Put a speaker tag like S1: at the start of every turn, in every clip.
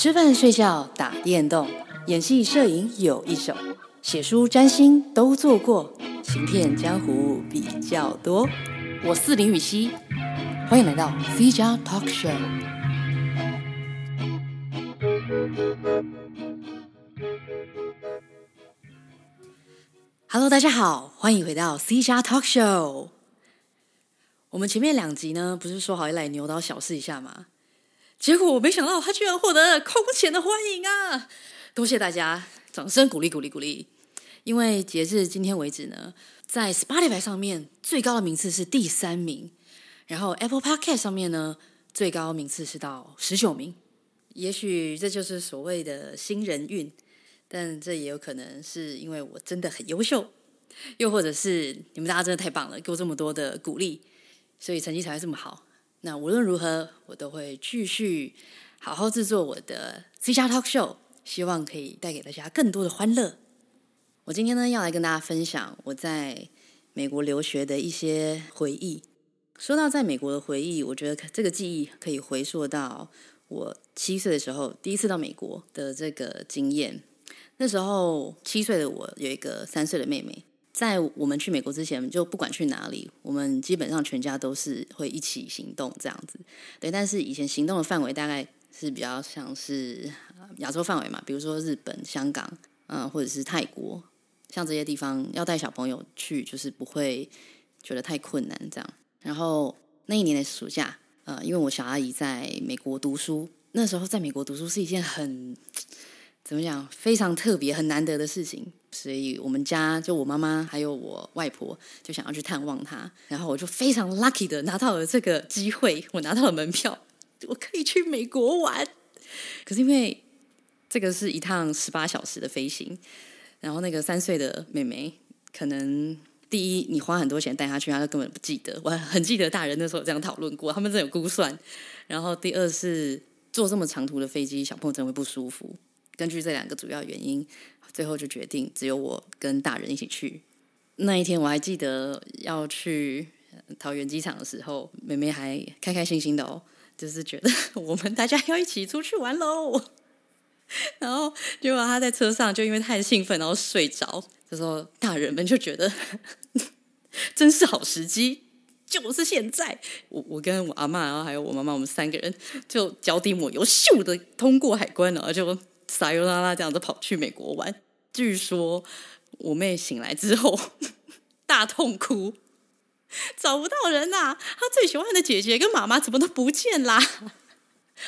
S1: 吃飯、睡覺、打電動，演戲、攝影有一手，寫書、占星都做過，行騙江湖比較多。我是林雨希，歡迎來到 C 加 Talk Show。Hello，大家好，歡迎回到 C 加 Talk Show。我們前面兩集呢，不是說好一要來牛刀小試一下嗎？結果我沒想到，他居然獲得了空前的歡迎啊！多謝大家，掌聲鼓勵鼓勵鼓勵！因為截至今天為止呢，在 Spotify 上面最高的名次是第三名，然後 Apple Podcast 上面呢最高名次是到十九名。也許這就是所謂的新人運，但這也有可能是因為我真的很優秀，又或者是你們大家真的太棒了，給我這麼多的鼓勵，所以成績才會這麼好。那無論如何，我都會繼續好好制作我的 C 加 Talk Show，希望可以帶給大家更多的歡樂。我今天呢，要來跟大家分享我在美國留學的一些回憶。說到在美國的回憶，我覺得這個記憶可以回溯到我七歲的時候，第一次到美國的這個經驗。那時候七歲的我有一個三歲的妹妹。在我們去美國之前，就不管去哪裡，我們基本上全家都是會一起行動這樣子。對，但是以前行動的範圍大概是比較像是亞洲範圍嘛，比如說日本、香港，嗯、呃，或者是泰國，像這些地方要帶小朋友去，就是不會覺得太困難這樣。然後那一年的暑假，呃，因為我小阿姨在美國讀書，那時候在美國讀書是一件很怎麼講，非常特別、很難得的事情。所以我們家就我媽媽還有我外婆，就想要去探望她。然後我就非常 lucky 的拿到了這個機會，我拿到了門票，我可以去美國玩。可是因為這個是一趟十八小時的飛行，然後那個三歲的妹妹，可能第一，你花很多錢帶她去，她根本不記得；我很記得大人那時候有這樣討論過，他們真的有估算。然後第二是坐這麼長途的飛機，小朋友真的會不舒服。根據這兩個主要原因，最後就決定只有我跟大人一起去。那一天我還記得要去桃園機場的時候，妹妹還開開心心的哦，就是覺得我們大家要一起出去玩嘍。然後結果她在車上就因為太興奮，然後睡着。這時候大人們就覺得呵呵真是好時機，就是現在。我，我跟我阿嬤，然後還有我媽媽，我們三個人就腳底抹油，咻的通過海關了，然後就。撒尤拉拉，這樣子跑去美國玩。據說我妹醒來之後大痛哭，找不到人啊。她最喜歡的姐姐跟媽媽怎麼都不見啦，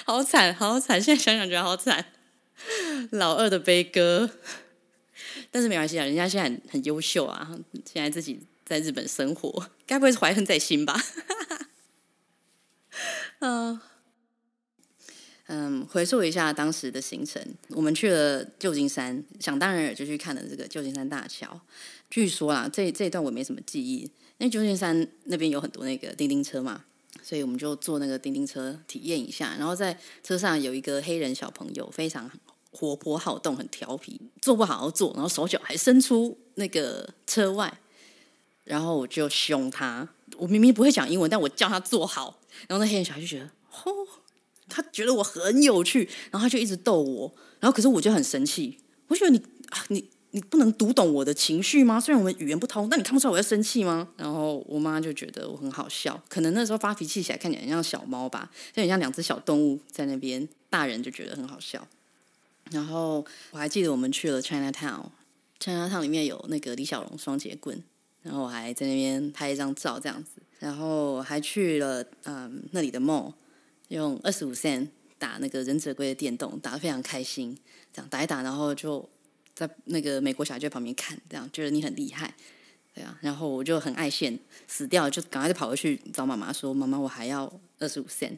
S1: 好慘好慘，現在想想覺得好慘，老二的悲歌。但是沒關係啊，人家現在很很優秀啊，現在自己在日本生活，該不會是懷恨在心吧？嗯、 uh,。嗯，回溯一下當時的行程，我們去了舊金山，想當然爾就去看了這個舊金山大橋。據說啊，這這一段我沒什麼記憶，因為舊金山那邊有很多那個叮叮車嘛，所以我們就坐那個叮叮車體驗一下。然後在車上有一個黑人小朋友，非常活潑好動，很調皮，坐不好好坐，然後手腳還伸出那個車外。然後我就凶他，我明明不會講英文，但我叫他坐好。然後那黑人小孩就覺得，吼。他覺得我很有趣，然後他就一直逗我，然後可是我就很生氣，我覺得你你你不能讀懂我的情緒嗎？雖然我們語言不通，但你看不出來我在生氣嗎？然後我媽就覺得我很好笑，可能那時候發脾氣起來看起來很像小貓吧，就很像兩隻小動物在那邊，大人就覺得很好笑。然後我還記得我們去了 Ch Chinatown，Chinatown 裡面有那個李小龍雙截棍，然後我還在那邊拍一張照這樣子，然後還去了嗯那裡的 mall。用二十五 cent 打那個忍者龜的電動，打得非常開心。這樣打一打，然後就在那個美國小孩就在旁邊看，這樣覺得你很厲害。對啊，然後我就很愛現，死掉就趕快就跑回去找媽媽說，媽媽我還要二十五 cent，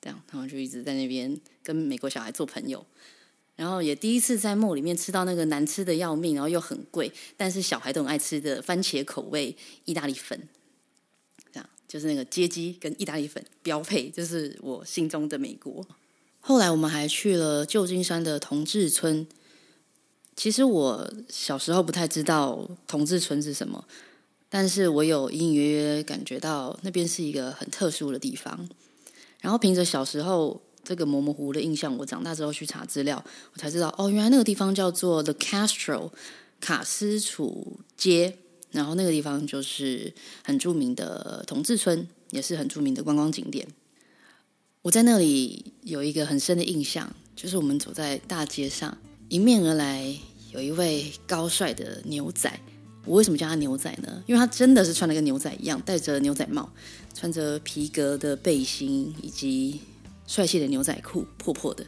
S1: 這樣，然後就一直在那邊跟美國小孩做朋友，然後也第一次在 mall 裡面吃到那個難吃的要命，然後又很貴，但是小孩都很愛吃的番茄口味意大利粉。就是那個街機跟意大利粉標配，就是我心中的美國。後來我們還去了舊金山的同志村。其實我小時候不太知道同志村是什麼，但是我有隱隱約約感覺到那邊是一個很特殊的地方。然後憑着小時候這個模模糊糊的印象，我長大之後去查資料，我才知道哦，原來那個地方叫做 The Castro 卡斯楚街。然後那個地方就是很著名的同志村，也是很著名的觀光景點。我在那裡有一個很深的印象，就是我們走在大街上，迎面而來有一位高帥的牛仔。我為什麼叫他牛仔呢？因為他真的是穿了跟牛仔一樣，戴着牛仔帽，穿着皮革的背心以及帥氣的牛仔褲，破破的。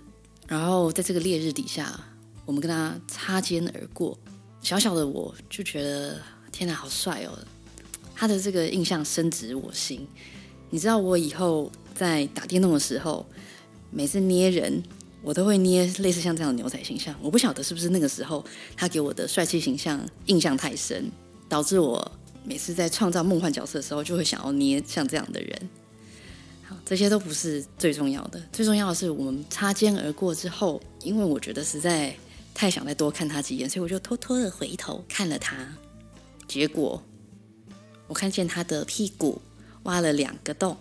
S1: 然後在這個烈日底下，我們跟他擦肩而過，小小的我就覺得。天吶，好帥哦！他的這個印象深植我心。你知道，我以後在打電動的時候，每次捏人，我都會捏類似像這樣的牛仔形象。我不曉得是不是那個時候，他給我的帥氣形象印象太深，導致我每次在創造夢幻角色的時候，就會想要捏像這樣的人。好，這些都不是最重要的，最重要的是我們擦肩而過之後，因為我覺得實在太想再多看他幾眼，所以我就偷偷的回頭看了他。結果，我看見他的屁股挖了兩個洞，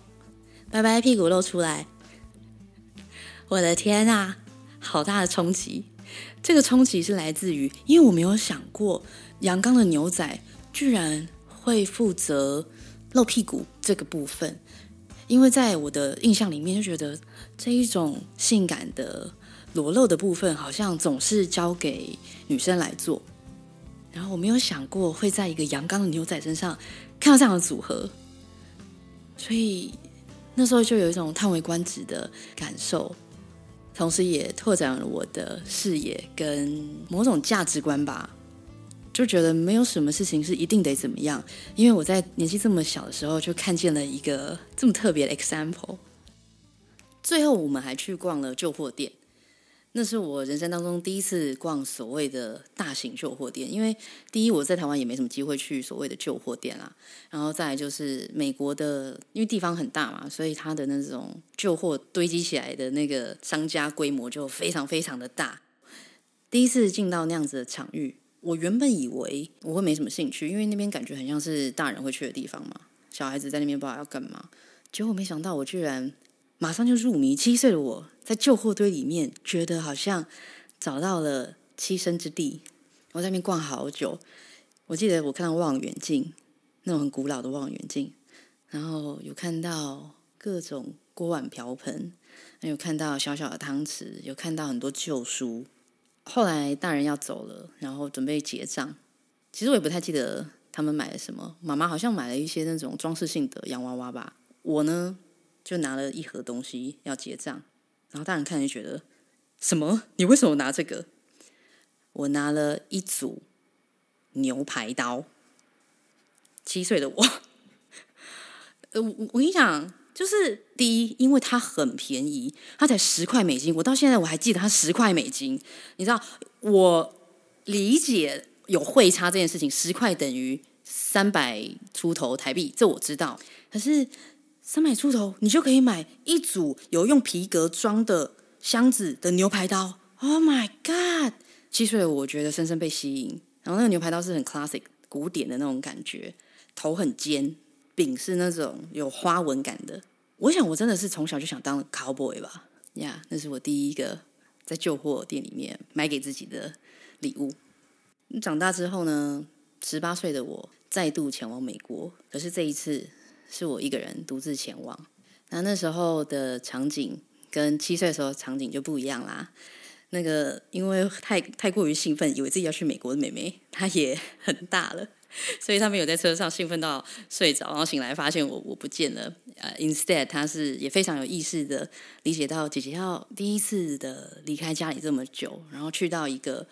S1: 白白屁股露出來。我的天啊，好大的衝擊！這個衝擊是來自於，因為我沒有想過，陽剛的牛仔居然會負責露屁股這個部分。因為在我的印象裡面，就覺得這一種性感的裸露的部分，好像總是交給女生來做。然後我沒有想過會在一個陽剛的牛仔身上看到這樣的組合，所以那時候就有一種嘆為觀止的感受，同時也拓展了我的視野跟某種價值觀吧。就覺得沒有什麼事情是一定得怎麼樣，因為我在年紀這麼小的時候就看見了一個這麼特別的 example。最後，我們還去逛了舊貨店。那是我人生當中第一次逛所謂的大型舊貨店，因為第一我在台灣也沒什麼機會去所謂的舊貨店啦，然後再來就是美國的，因為地方很大嘛，所以它的那種舊貨堆積起來的那個商家規模就非常非常的大。第一次進到那樣子的場域，我原本以為我會沒什麼興趣，因為那邊感覺很像是大人會去的地方嘛，小孩子在那邊不知道要幹嘛。結果沒想到我居然。馬上就入迷。七歲的我在舊貨堆裡面，覺得好像找到了棲身之地。我在那邊逛好久。我記得我看到望遠鏡，那種很古老的望遠鏡。然後有看到各種鍋碗瓢盆，有看到小小的湯匙，有看到很多舊書。後來大人要走了，然後準備結賬。其實我也不太記得他們買了什麼。媽媽好像買了一些那種裝飾性的洋娃娃吧。我呢？就拿了一盒東西要結賬，然後大人看就覺得什麼？你為什麼拿這個？我拿了一組牛排刀。七歲的我，我我跟你講，就是第一，因為它很便宜，它才十塊美金。我到現在我還記得它十塊美金。你知道，我理解有匯差這件事情，十塊等於三百出頭台幣，這我知道。可是。三百出頭，你就可以買一組有用皮革裝的箱子的牛排刀。Oh my god！七歲的我，我覺得深深被吸引，然後那個牛排刀是很 classic 古典的那種感覺，頭很尖，柄是那種有花紋感的。我想，我真的是從小就想當 cowboy 吧。呀，yeah，那是我第一個在舊貨店裡面買給自己的禮物。長大之後呢，十八歲的我再度前往美國，可是這一次。是我一個人獨自前往，那那時候的場景跟七歲的時候的場景就不一樣啦。那個因為太太過於興奮，以為自己要去美國的妹妹，她也很大了，所以她沒有在車上興奮到睡着，然後醒來發現我我不見了。呃，uh，instead，她是也非常有意識的理解到姐姐要第一次的離開家裡這麼久，然後去到一個。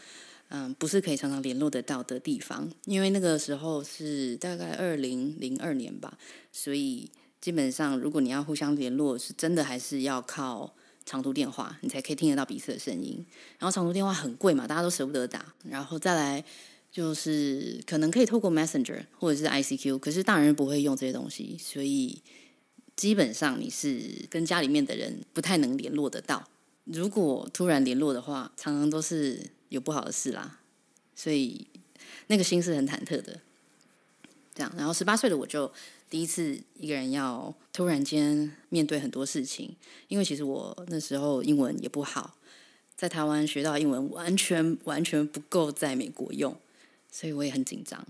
S1: 嗯，不是可以常常聯絡得到的地方，因為那個時候是大概二零零二年吧，所以基本上如果你要互相聯絡，是真的還是要靠長途電話，你才可以聽得到彼此的聲音。然後長途電話很貴嘛，大家都捨不得打。然後再來就是可能可以透過 Messenger 或者是 ICQ，可是大人不會用這些東西，所以基本上你是跟家裡面的人不太能聯絡得到。如果突然聯絡的話，常常都是。有不好的事啦，所以那個心是很忐忑的。這樣，然後十八歲的我就第一次一個人要突然間面對很多事情，因為其實我那時候英文也不好，在台灣學到英文完全完全不夠在美國用，所以我也很緊張。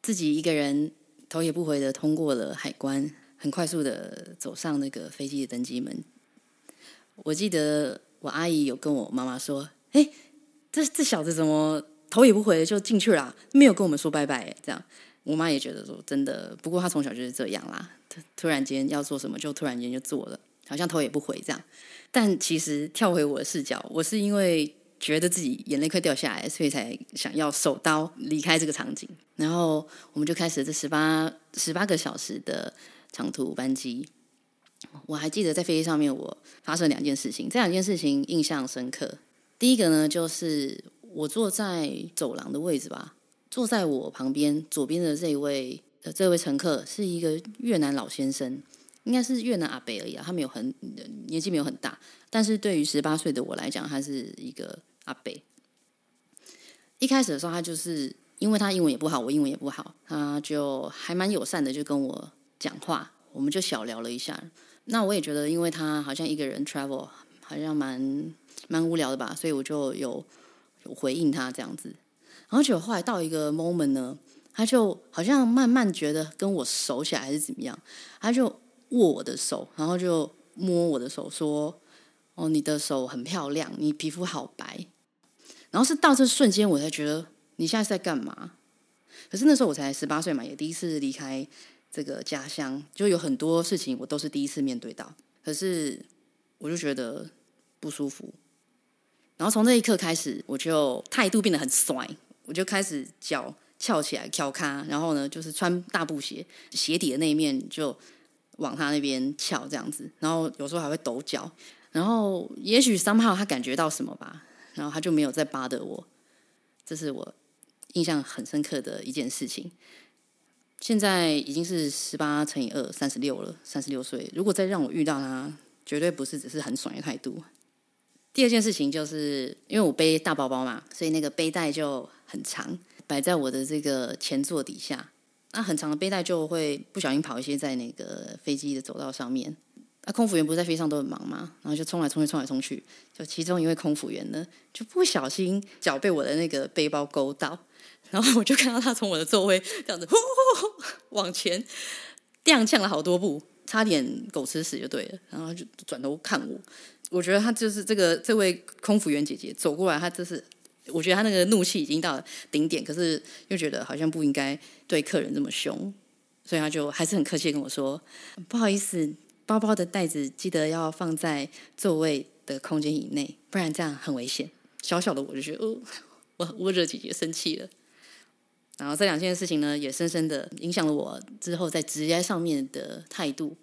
S1: 自己一個人頭也不回的通過了海關，很快速的走上那個飛機的登機門。我記得我阿姨有跟我媽媽說：“哎。”這這小子怎麼頭也不回就進去了啊，沒有跟我們說拜拜欸，這樣。我媽也覺得說真的，不過她從小就是這樣啦。突突然間要做什麼，就突然間就做了，好像頭也不回這樣。但其實跳回我的視角，我是因為覺得自己眼淚快掉下來，所以才想要手刀離開這個場景。然後我們就開始這十八十八個小時的長途班機。我還記得在飛機上面，我發生兩件事情，這兩件事情印象深刻。第一個呢，就是我坐在走廊的位置吧，坐在我旁邊左邊的這一位呃，這位乘客是一個越南老先生，應該是越南阿北而已啊，他沒有很年紀沒有很大，但是對於十八歲的我來講，他是一個阿北。一開始的時候，他就是因為他英文也不好，我英文也不好，他就還蠻友善的，就跟我講話，我們就小聊了一下。那我也覺得，因為他好像一個人 travel，好像蠻。蠻無聊的吧，所以我就有，有回應他這樣子。而且我後來到一個 moment 呢，他就好像慢慢覺得跟我熟起來，還是怎麼樣，他就握我的手，然後就摸我的手，說：“哦，你的手很漂亮，你皮膚好白。”然後是到這瞬間，我才覺得你現在是在幹嘛？可是那時候我才十八歲嘛，也第一次離開這個家鄉，就有很多事情我都是第一次面對到。可是我就覺得不舒服。然後從那一刻開始，我就態度變得很甩，我就開始腳翹起來翹咖，然後呢，就是穿大布鞋，鞋底的那一面就往他那邊翹這樣子，然後有時候還會抖腳。然後也許 somehow 他感覺到什麼吧，然後他就沒有再扒的我。這是我印象很深刻的一件事情。現在已經是十八乘以二三十六了，三十六歲。如果再讓我遇到他，絕對不是只是很甩的態度。第二件事情就是，因為我背大包包嘛，所以那個背帶就很長，擺在我的這個前座底下。那、啊、很長的背帶就會不小心跑一些在那個飛機的走道上面。那、啊、空服員不是在飛機上都很忙嘛，然後就衝來衝去衝來衝去。就其中一位空服員呢，就不小心腳被我的那個背包勾到，然後我就看到他從我的座位這樣子呼，呼，呼，往前踉蹌了好多步。差點狗吃屎就對了，然後就轉頭看我。我覺得他就是這個這位空服員姐姐走過來，他就是，我覺得他那個怒氣已經到頂點，可是又覺得好像不應該對客人這麼凶，所以他就還是很客氣跟我說：“不好意思，包包的袋子記得要放在座位的空間以內，不然這樣很危險。”小小的我就覺得，哦，我我惹姐姐生氣了。然後這兩件事情呢，也深深的影響了我之後在職業上面的態度。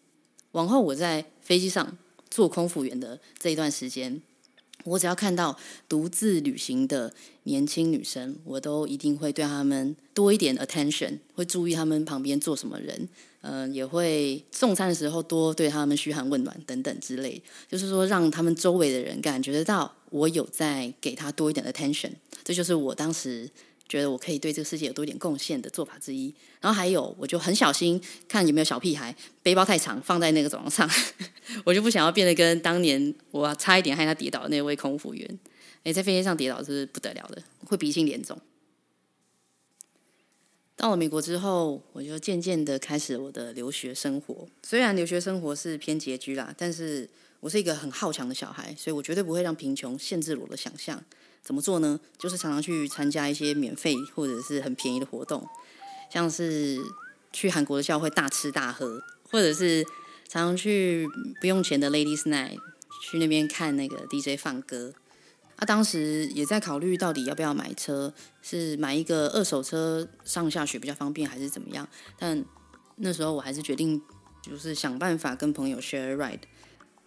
S1: 往後我在飛機上做空服員的這一段時間，我只要看到獨自旅行的年輕女生，我都一定會對她們多一點 attention，會注意她們旁邊坐什麼人，嗯、呃，也會送餐的時候多對她們噓寒問暖等等之類，就是說讓她們周圍的人感覺得到我有在給她多一點 attention。這就是我當時。覺得我可以對這個世界有多一點貢獻的做法之一，然後還有我就很小心看有沒有小屁孩背包太長放在那個走廊上， 我就不想要變得跟當年我差一點害他跌倒的那位空服員，誒、哎，在飛機上跌倒是不得了的，會鼻青臉腫。到了美國之後，我就漸漸的開始我的留學生活，雖然留學生活是偏拮据啦，但是。我是一個很好強的小孩，所以我絕對不會讓貧窮限制我的想象。怎麼做呢？就是常常去參加一些免費或者是很便宜的活動，像是去韓國的教會大吃大喝，或者是常常去不用錢的 Ladies Night，去那邊看那個 DJ 放歌。啊，當時也在考慮到底要不要買車，是買一個二手車上下學比較方便，還是怎麼樣？但那時候我還是決定，就是想辦法跟朋友 share ride。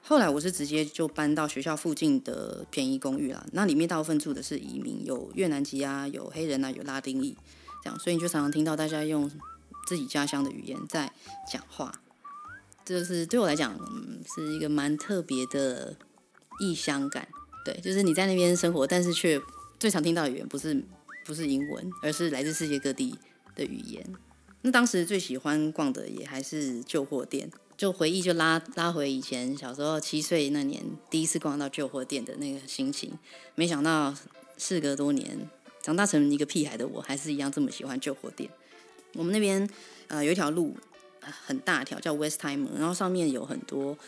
S1: 後來我是直接就搬到學校附近的便宜公寓了，那裡面大部分住的是移民，有越南籍啊，有黑人啊，有拉丁裔，這樣，所以你就常常聽到大家用自己家鄉的語言在講話，就是對我來講是一個蠻特別的異鄉感，對，就是你在那邊生活，但是卻最常聽到的語言不是不是英文，而是來自世界各地的語言。那當時最喜歡逛的也還是舊貨店。就回憶，就拉拉回以前小時候七歲那年第一次逛到舊貨店的那個心情。沒想到事隔多年，長大成一個屁孩的我，還是一樣這麼喜歡舊貨店。我們那邊、呃、有一條路、呃、很大條，叫 Westheimer，然後上面有很多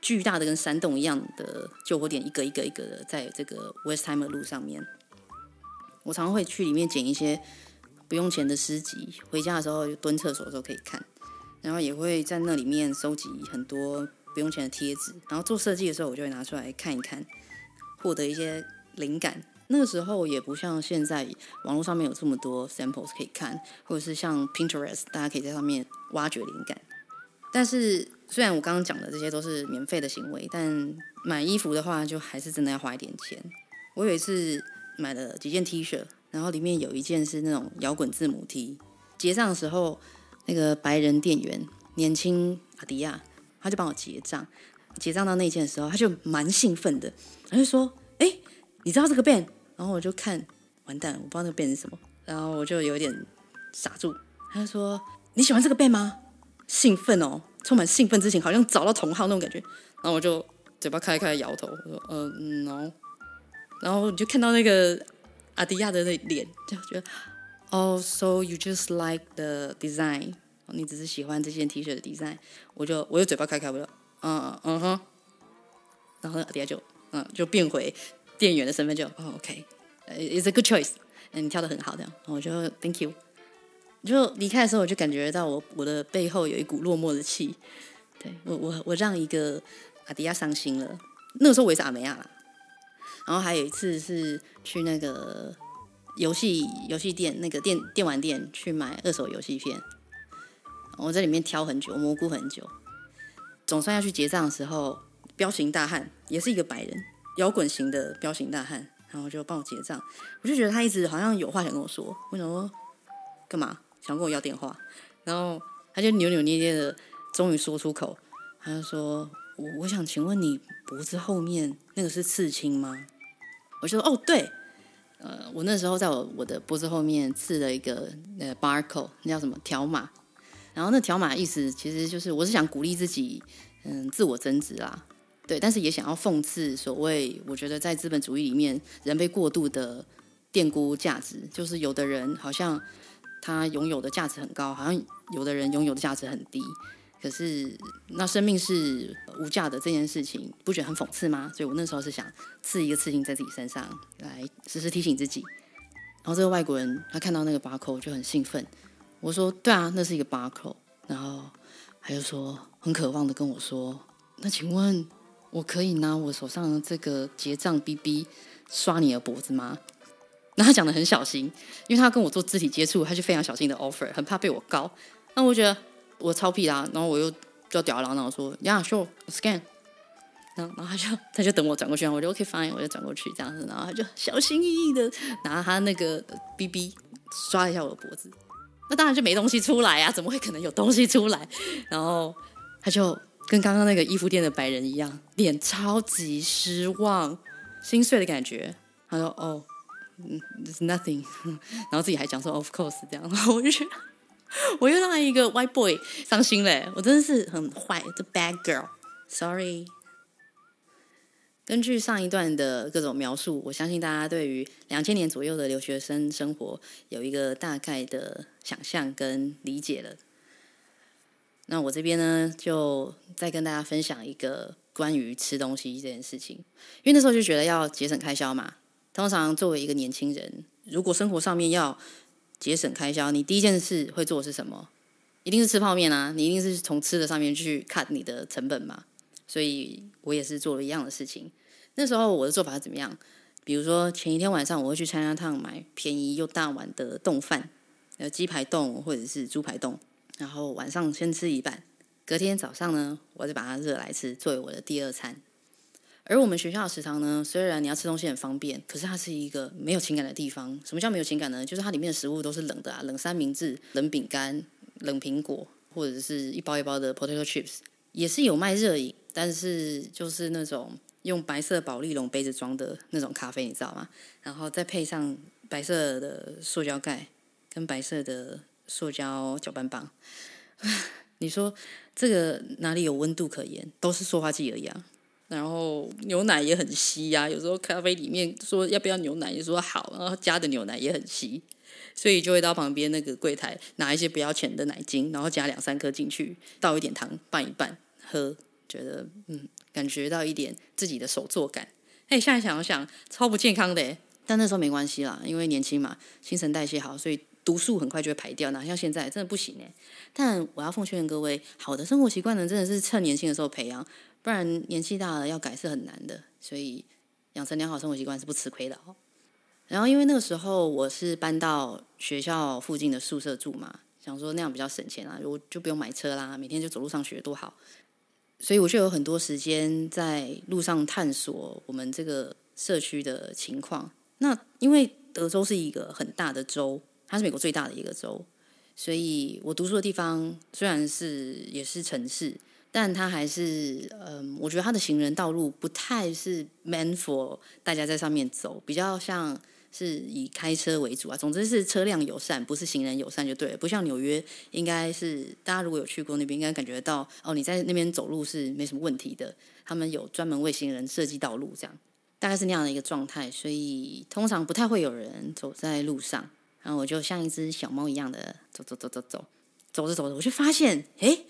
S1: 巨大的跟山洞一樣的舊貨店，一個一個一個的在這個 Westheimer 路上面。我常常會去裡面撿一些不用錢的詩集，回家的時候就蹲廁所的時候可以看。然後也會在那裡面收集很多不用錢的貼紙，然後做設計的時候我就會拿出來看一看，獲得一些靈感。那個時候也不像現在網絡上面有這麼多 samples 可以看，或者是像 Pinterest 大家可以在上面挖掘靈感。但是雖然我剛剛講的這些都是免費的行為，但買衣服的話就還是真的要花一點錢。我有一次買了幾件 T 恤，然後裡面有一件是那種搖滾字母 T，結賬的時候，那個白人店員，年輕阿迪亞，他就幫我結賬，結賬到那一件的時候，他就蠻興奮的，他就說：“哎、欸，你知道這個 band？” 然後我就看完蛋，我不知道那個 band 是什麼，然後我就有點傻住。他就說：“你喜歡這個 band 嗎？”興奮哦，充滿興奮之情，好像找到同好那種感覺。然後我就嘴巴開開搖頭，我說：“呃、嗯，no 然，然後你就看到那個阿迪亞的那臉，就覺得。哦、oh,，so you just like the design？你、oh, 只是喜歡這件 T 恤的 design？我就我就嘴巴開開不了，我就嗯嗯哼，huh. 然後阿迪亞就嗯、uh, 就變回店員的身份就，就、oh, OK，is、okay. t a good choice，你挑得很好，這樣我就 thank you。就離開的時候，我就感覺到我我的背後有一股落寞的氣。對，我我我讓一個阿迪亞傷心了，那個時候我也是阿梅亞啦。然後還有一次是去那個。遊戲遊戲店那個電電玩店去買二手遊戲片，我在裡面挑很久，蘑菇很久，總算要去結賬的時候，彪形大漢也是一個白人搖滾型的彪形大漢，然後就幫我結賬，我就覺得他一直好像有話想跟我說，我想說幹嘛想跟我要電話，然後他就扭扭捏捏的，終於說出口，他就說我我想請問你脖子後面那個是刺青嗎？我就說哦對。呃，我那時候在我我的脖子後面刺了一個呃 bar code，那叫什麼條碼，然後那條碼意思其實就是我是想鼓勵自己，嗯，自我增值啊，對，但是也想要諷刺所謂，我覺得在資本主義裡面，人被過度的墊估價值，就是有的人好像他擁有的價值很高，好像有的人擁有的價值很低。可是，那生命是無價的這件事情，不覺得很諷刺嗎？所以我那時候是想刺一個刺青在自己身上，來時時提醒自己。然後這個外國人他看到那個 barcode 就很興奮，我說：“對啊，那是一個 barcode。”然後他就說很渴望的跟我說：“那請問我可以拿我手上的這個結賬 B B 刷你的脖子嗎？”那他講的很小心，因為他跟我做肢體接觸，他就非常小心的 offer，很怕被我告。那我覺得。我超屁啦，啊，然後我又就要屌啦，然後我說 a h、yeah, sure, scan，然後然後他就他就等我轉過去，我就 OK fine，我就轉過去這樣子，然後他就小心翼翼的拿他那個 BB 刷了一下我的脖子，那當然就沒東西出來啊，怎麼會可能有東西出來？然後他就跟剛剛那個衣服店的白人一樣，臉超級失望，心碎的感覺，他說哦，嗯、oh,，there's nothing，然後自己還講說 of course 這樣，我就覺得。 我又讓一個 White Boy 傷心嘞！我真的是很壞，the Bad Girl，Sorry。根據上一段的各種描述，我相信大家對於兩千年左右的留學生生活有一個大概的想象跟理解了。那我這邊呢，就再跟大家分享一個關於吃東西這件事情，因為那時候就覺得要節省開銷嘛。通常作為一個年輕人，如果生活上面要節省開銷，你第一件事會做的是什麼？一定是吃泡麵啊！你一定是從吃的上面去 cut 你的成本嘛。所以我也是做了一樣的事情。那時候我的做法是怎麼樣？比如說前一天晚上我會去參加趟買便宜又大碗的丼飯，雞排丼或者是豬排丼，然後晚上先吃一半，隔天早上呢，我再把它熱來吃，作為我的第二餐。而我們學校的食堂呢，雖然你要吃東西很方便，可是它是一個沒有情感的地方。什麼叫沒有情感呢？就是它裡面的食物都是冷的啊，冷三明治、冷餅乾、冷蘋果，或者是一包一包的 potato chips，也是有賣熱飲，但是就是那種用白色保麗龍杯子裝的那種咖啡，你知道嗎？然後再配上白色的塑膠蓋跟白色的塑膠攪拌棒，呵呵，你說這個哪裡有溫度可言？都是塑化劑而已啊！然後牛奶也很稀呀，有時候咖啡裡面說要不要牛奶，就說好，然後加的牛奶也很稀，所以就會到旁邊那個櫃檯拿一些不要錢的奶精，然後加兩三顆進去，倒一點糖拌一拌喝，覺得，嗯，感覺到一點自己的手作感。哎，現在想想，超不健康的誒，但那時候沒關係啦，因為年輕嘛，新陳代謝好，所以毒素很快就會排掉。哪像現在真的不行哎。但我要奉勸各位，好的生活習慣呢，真的是趁年輕的時候培養。不然年紀大了要改是很難的，所以養成良好生活習慣是不吃虧的。哦，然後因為那個時候我是搬到學校附近的宿舍住嘛，想說那樣比較省錢啊，我就不用買車啦，每天就走路上學多好。所以我就有很多時間在路上探索我們這個社區的情況。那因為德州是一個很大的州，它是美國最大的一個州，所以我讀書的地方雖然是也是城市。但它還是，嗯，我覺得它的行人道路不太是 meant for 大家在上面走，比較像是以開車為主啊。總之是車輛友善，不是行人友善就對了。不像紐約，應該是大家如果有去過那邊，應該感覺到哦，你在那邊走路是沒什麼問題的。他們有專門為行人設計道路，這樣大概是那樣的一個狀態。所以通常不太會有人走在路上。然後我就像一隻小貓一樣的走走走走走，走着走着，我就發現，誒。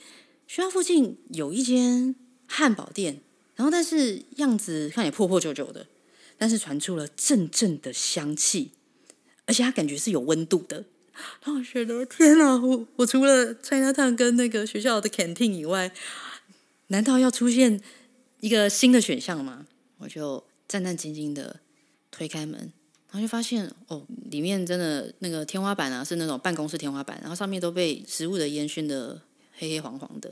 S1: 學校附近有一間漢堡店，然後但是樣子看也破破舊舊的，但是傳出了陣陣的香氣，而且它感覺是有溫度的。然後我覺得天哪、啊！我我除了 China Town 跟那個學校的 canteen 以外，難道要出現一個新的選項嗎？我就戰戰兢兢的推開門，然後就發現哦，裡面真的那個天花板啊是那種辦公室天花板，然後上面都被食物的煙熏的。黑黑黃黃的，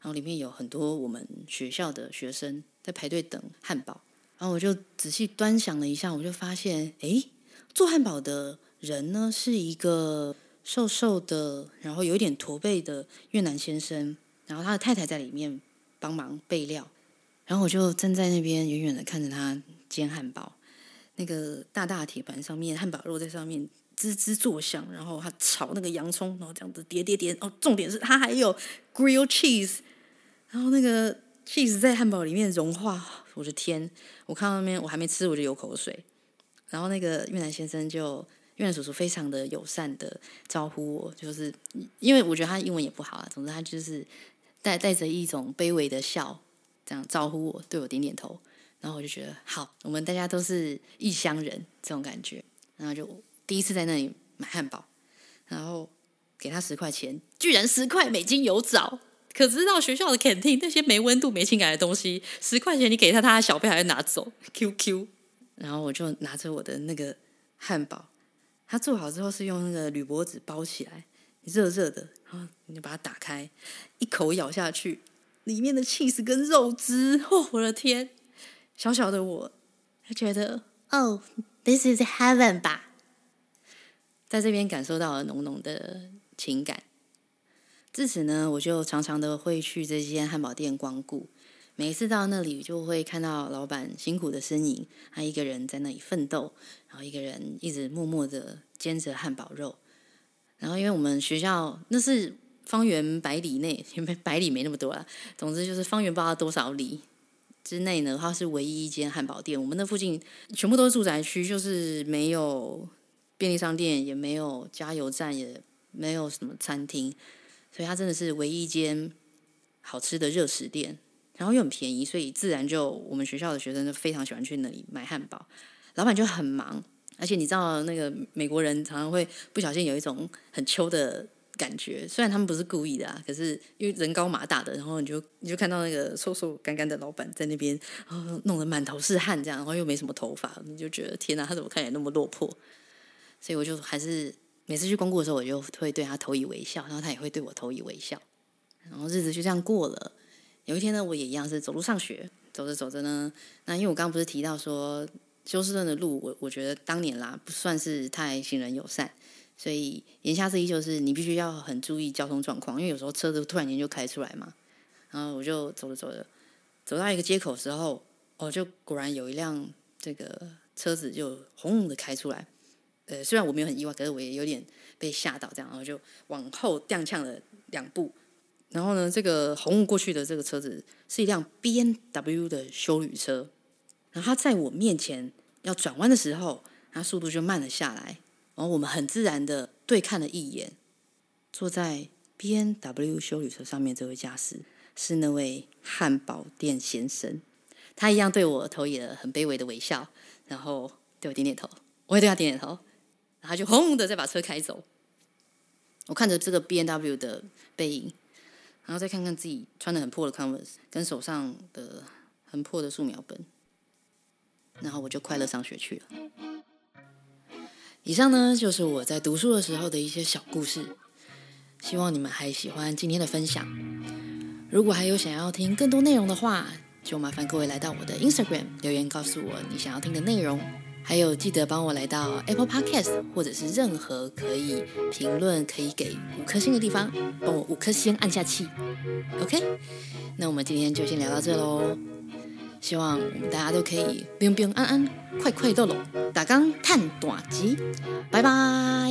S1: 然後裡面有很多我們學校的學生在排隊等漢堡。然後我就仔細端詳了一下，我就發現，哎，做漢堡的人呢是一個瘦瘦的，然後有一點駝背的越南先生。然後他的太太在裡面幫忙備料。然後我就站在那邊遠遠的看着他煎漢堡，那個大大鐵板上面漢堡肉在上面。滋滋作響，然後他炒那個洋蔥，然後這樣子疊疊疊。哦，重點是他還有 grilled cheese，然後那個 cheese 在漢堡裡面融化。我的天！我看到那邊我還沒吃我就流口水。然後那個越南先生就越南叔叔非常的友善的招呼我，就是因為我覺得他英文也不好啊。總之他就是帶帶着一種卑微的笑，這樣招呼我，對我點點頭。然後我就覺得好，我們大家都是異鄉人這種感覺，然後就。第一次在那裡買漢堡，然後給他十塊錢，居然十塊美金有找。可是到學校的 canteen 那些沒溫度、沒情感的東西，十塊錢你給他，他的小費還會拿走。Q Q，然後我就拿着我的那個漢堡，他做好之後是用那個鋁箔紙包起來，熱熱的，然後你把它打開，一口咬下去，裡面的起司跟肉汁，哦我的天！小小的我，他覺得哦、oh, this is heaven 吧。在這邊感受到了濃濃的情感。自此呢，我就常常的會去這間漢堡店光顧。每一次到那裡，就會看到老闆辛苦的身影，他一個人在那裡奮鬥，然後一個人一直默默的煎着漢堡肉。然後，因為我們學校那是方圓百里內，因為百里沒那麼多了，總之就是方圓不知道多少里之內呢，它是唯一一間漢堡店。我們那附近全部都是住宅區，就是沒有。便利商店也沒有，加油站也沒有什麼餐廳，所以它真的是唯一一間好吃的熱食店。然後又很便宜，所以自然就我們學校的學生就非常喜歡去那裡買漢堡。老闆就很忙，而且你知道那個美國人常常會不小心有一種很秋的感覺，雖然他們不是故意的啊，可是因為人高馬大的，然後你就你就看到那個瘦瘦乾乾的老闆在那邊，然後弄得滿頭是汗這樣，然後又沒什麼頭髮，你就覺得天哪，他怎麼看起來那麼落魄？所以我就還是每次去光顧的時候，我就會對他投以微笑，然後他也會對我投以微笑，然後日子就這樣過了。有一天呢，我也一樣是走路上學，走着走着呢，那因為我剛剛不是提到說休斯頓的路，我我覺得當年啦不算是太行人友善，所以言下之意就是你必須要很注意交通狀況，因為有時候車子突然間就開出來嘛。然後我就走着走着，走到一個街口時候，哦，就果然有一輛這個車子就轟的開出來。呃，雖然我沒有很意外，可是我也有點被嚇到，這樣，然後就往後踉蹌了兩步。然後呢，這個橫過去的這個車子是一輛 B N W 的休旅車，然後他在我面前要轉彎的時候，他速度就慢了下來。然後我們很自然的對看了一眼，坐在 B N W 休旅車上面這位駕駛是那位漢堡店先生，他一樣對我投以了很卑微的微笑，然後對我點點頭，我也對他點點頭。他就轟的再把車開走，我看着這個 BMW 的背影，然後再看看自己穿得很破的 Converse 跟手上的很破的素描本，然後我就快樂上學去了。以上呢就是我在讀書的時候的一些小故事，希望你們還喜歡今天的分享。如果還有想要聽更多內容的話，就麻煩各位來到我的 Instagram 留言告訴我你想要聽的內容。還有記得幫我來到 Apple Podcast，或者是任何可以評論、可以給五顆星的地方，幫我五顆星按下去。OK，那我們今天就先聊到這嘍。希望我們大家都可以平平安安、快快樂樂、打鋼炭、短、機。拜拜。